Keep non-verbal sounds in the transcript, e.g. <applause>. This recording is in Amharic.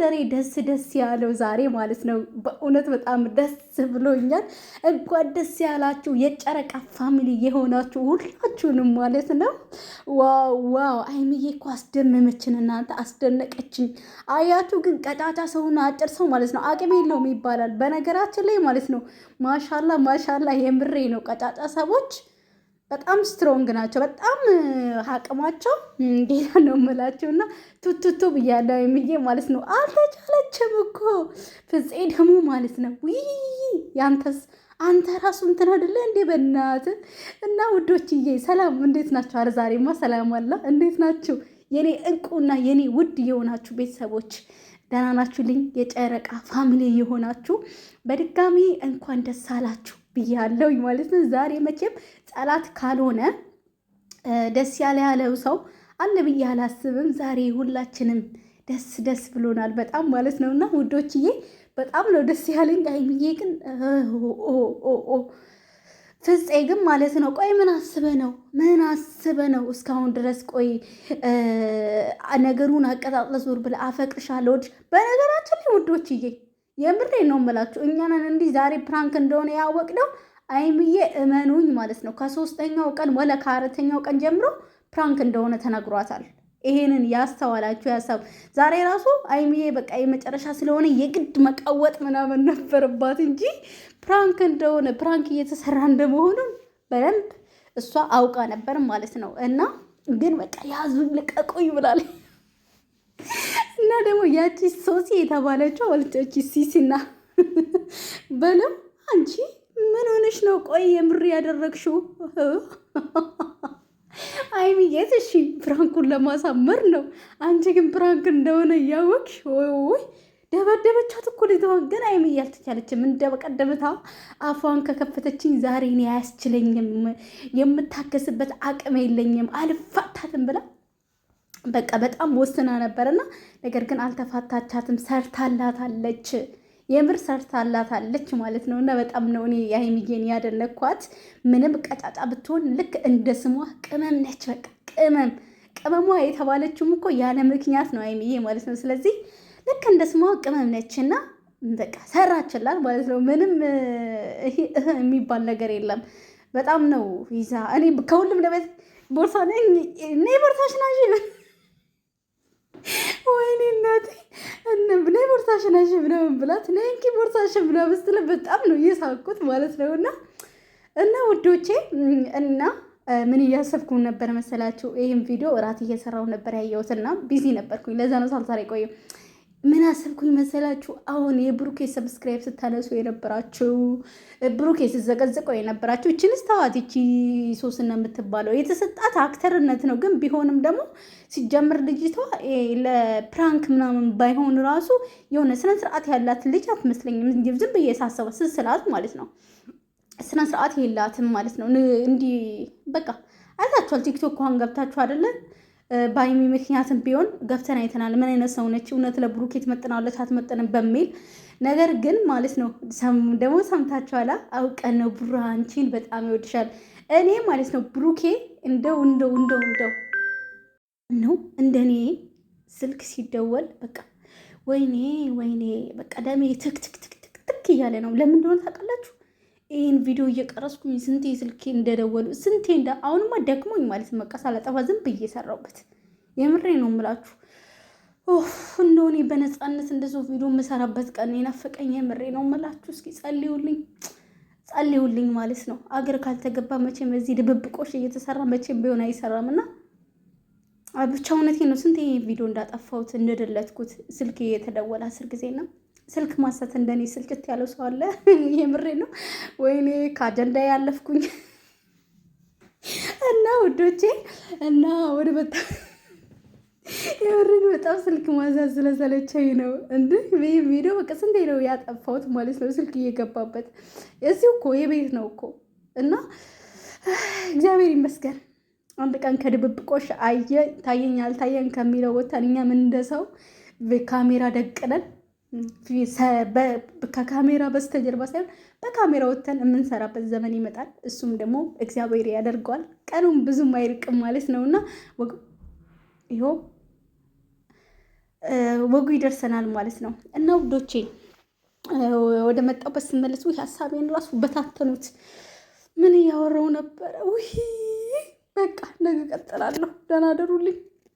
ጎንደሬ ደስ ደስ ያለው ዛሬ ማለት ነው። በእውነት በጣም ደስ ብሎኛል። እንኳን ደስ ያላችሁ የጨረቃ ፋሚሊ የሆናችሁ ሁላችሁንም ማለት ነው። ዋው ዋው! አይምዬ እኮ አስደመመችን እናንተ፣ አስደነቀችኝ። አያችሁ ግን ቀጫጫ ሰውና አጭር ሰው ማለት ነው አቅም የለውም ይባላል። በነገራችን ላይ ማለት ነው ማሻላ ማሻላ፣ የምሬ ነው ቀጫጫ ሰዎች በጣም ስትሮንግ ናቸው። በጣም አቅማቸው ጌታ ነው የምላቸው እና ቱቱቱ ብያለሁ የሚዬ ማለት ነው። አልተቻለችም እኮ ፍፄ ደግሞ ማለት ነው። ውይ ያንተስ አንተ ራሱ እንትን አይደለ እንዴ? በእናት እና ውዶችዬ ሰላም፣ እንዴት ናቸው? አረ ዛሬማ ሰላም አለ። እንዴት ናችሁ የኔ እንቁና የኔ ውድ የሆናችሁ ቤተሰቦች ደህና ናችሁልኝ? የጨረቃ ፋሚሊ የሆናችሁ በድጋሚ እንኳን ደስ አላችሁ ብያለሁ ማለት ነው። ዛሬ መቼም ጠላት ካልሆነ ደስ ያለ ያለው ሰው አለ ብዬ አላስብም። ዛሬ ሁላችንም ደስ ደስ ብሎናል በጣም ማለት ነው። እና ውዶችዬ በጣም ነው ደስ ያለኝ። ሀይሚዬ ግን ፍፄ ግን ማለት ነው። ቆይ ምን አስበ ነው ምን አስበ ነው እስካሁን ድረስ ቆይ ነገሩን አቀጣጥለ ዞር ብለህ አፈቅርሻለሁ። በነገራችን ላይ ውዶችዬ የምሬ ነው የምላችሁ እኛንን እንዲህ ዛሬ ፕራንክ እንደሆነ ያወቅነው አይምዬ እመኑኝ ማለት ነው ከሶስተኛው ቀን ወለ ከአራተኛው ቀን ጀምሮ ፕራንክ እንደሆነ ተነግሯታል። ይሄንን ያስተዋላችሁ ያሳብ ዛሬ ራሱ አይምዬ በቃ የመጨረሻ ስለሆነ የግድ መቃወጥ ምናምን ነበረባት እንጂ ፕራንክ እንደሆነ ፕራንክ እየተሰራ እንደመሆኑም በደንብ እሷ አውቃ ነበር ማለት ነው። እና ግን በቃ ያዙኝ ልቀቁኝ ብላል። እና ደግሞ ያቺ ሶሲ የተባለችው ወልጨቺ ሲሲና በለው አንቺ ምን ሆነሽ ነው? ቆይ የምር ያደረግሽው የት? እሺ ፕራንኩን ለማሳመር ነው። አንቺ ግን ፕራንክ እንደሆነ እያወቅሽ ወይ ደበደበቻት እኮ ልጅቷን። ግን አይሚዬ አልተቻለችም። እንደበቀደምታ አፏን ከከፈተችኝ ዛሬ እኔ አያስችለኝም፣ የምታገስበት አቅም የለኝም፣ አልፋታትም ብላ በቃ በጣም ወስና ነበርና ነገር ግን አልተፋታቻትም። ሰርታላታለች። የምር ሰርታላታለች ማለት ነው። እና በጣም ነው እኔ የሀይሚዬን ያደነኳት። ምንም ቀጫጫ ብትሆን ልክ እንደ ስሟ ቅመም ነች። በቃ ቅመም ቅመሟ የተባለችውም እኮ ያለ ምክንያት ነው ሀይሚዬ ማለት ነው። ስለዚህ ልክ እንደ ስሟ ቅመም ነች እና በቃ ሰራችላት ማለት ነው። ምንም የሚባል ነገር የለም። በጣም ነው ይዛ እኔ ከሁሉም ለበት ቦርሳ ነኝ እኔ ቦርሳሽ ናሽ ወይኔ እናቴ እንብለ ቦርሳሽን አሸብ ነው ብላት ነንኪ ቦርሳሽን ብላ ብስትል በጣም ነው የሳቅኩት ማለት ነው። እና እና ውዶቼ እና ምን እያሰብኩ ነበር መሰላችሁ? ይህም ቪዲዮ እራት እየሰራው ነበር ያየሁትና ቢዚ ነበርኩኝ። ለዛ ነው ሳልሰራ የቆየው ምን አሰብኩኝ መሰላችሁ? አሁን የብሩኬ ሰብስክራይብ ስታነሱ የነበራችሁ ብሩኬ ስዘቀዝቀው የነበራችሁ እችን ስተዋት ይቺ ሶስና የምትባለው የተሰጣት አክተርነት ነው። ግን ቢሆንም ደግሞ ሲጀምር ልጅቷ ለፕራንክ ምናምን ባይሆን ራሱ የሆነ ስነ ስርዓት ያላት ልጅ አትመስለኝም። ዝም ብዬ ሳሰባ ስስላት ማለት ነው ስነ ስርዓት የላትም ማለት ነው። እንዲህ በቃ አይታችኋል። ቲክቶክ ኳን ገብታችሁ አይደለን ባይሚ ምክንያትም ቢሆን ገብተን አይተናል። ምን አይነት ሰው ነች እውነት ለብሩኬት መጥናለች አትመጥንም በሚል ነገር ግን ማለት ነው ደግሞ ሰምታችኋላ። አውቀን ነው ብሩ አንቺን በጣም ይወድሻል። እኔ ማለት ነው ብሩኬ እንደው እንደው እንደው እንደው ነው እኔ ስልክ ሲደወል በቃ ወይኔ ወይኔ በቃ ደሜ ትክትክትክትክ እያለ ነው። ለምን እንደሆነ ታውቃላችሁ? ይህን ቪዲዮ እየቀረስኩኝ ስንቴ ስልኬ እንደደወሉ ስንቴ እንደ አሁንማ ደክሞኝ ማለት ነው። በቃ ዝም ብዬ እየሰራሁበት የምሬ ነው የምላችሁ። እንደሆኔ በነፃነት እንደ ቪዲዮ የምሰራበት ቀን የናፈቀኝ የምሬ ነው የምላችሁ። እስኪ ጸልዩልኝ፣ ጸልዩልኝ ማለት ነው። አገር ካልተገባ መቼም በዚህ ድብብቆሽ እየተሰራ መቼም ቢሆን አይሰራም እና ብቻ እውነቴ ነው። ስንቴ ቪዲዮ እንዳጠፋሁት እንደደለትኩት ስልኬ የተደወለ አስር ጊዜ ነው። ስልክ ማንሳት እንደኔ ስልችት ያለው ሰው አለ? <laughs> የምሬ ነው። ወይኔ ከአጀንዳ ያለፍኩኝ እና ውዶቼ እና ወደ በጣ <laughs> የምሬን በጣም ስልክ ማንሳት ስለሰለቸኝ ነው። እንደ ቪዲዮ በቃ ስንቴ ነው ያጠፋሁት ማለት ነው። ስልክ እየገባበት እዚሁ እኮ የቤት ነው እኮ እና <sighs> እግዚአብሔር ይመስገን አንድ ቀን ከድብብቆሽ አየ ታየኝ አልታየን ከሚለው ወታን እኛም እንደሰው ካሜራ ደቅነን ከካሜራ በስተጀርባ ሳይሆን በካሜራ ወጥተን የምንሰራበት ዘመን ይመጣል። እሱም ደግሞ እግዚአብሔር ያደርገዋል። ቀኑም ብዙም አይርቅም ማለት ነው እና ይኸው ወጉ ይደርሰናል ማለት ነው እና ውዶቼ ወደ መጣሁበት ስመለስ ውይ ሀሳቤን ራሱ በታተኑት። ምን እያወራው ነበረ? ውይ በቃ ነገ ቀጥላለሁ። ደህና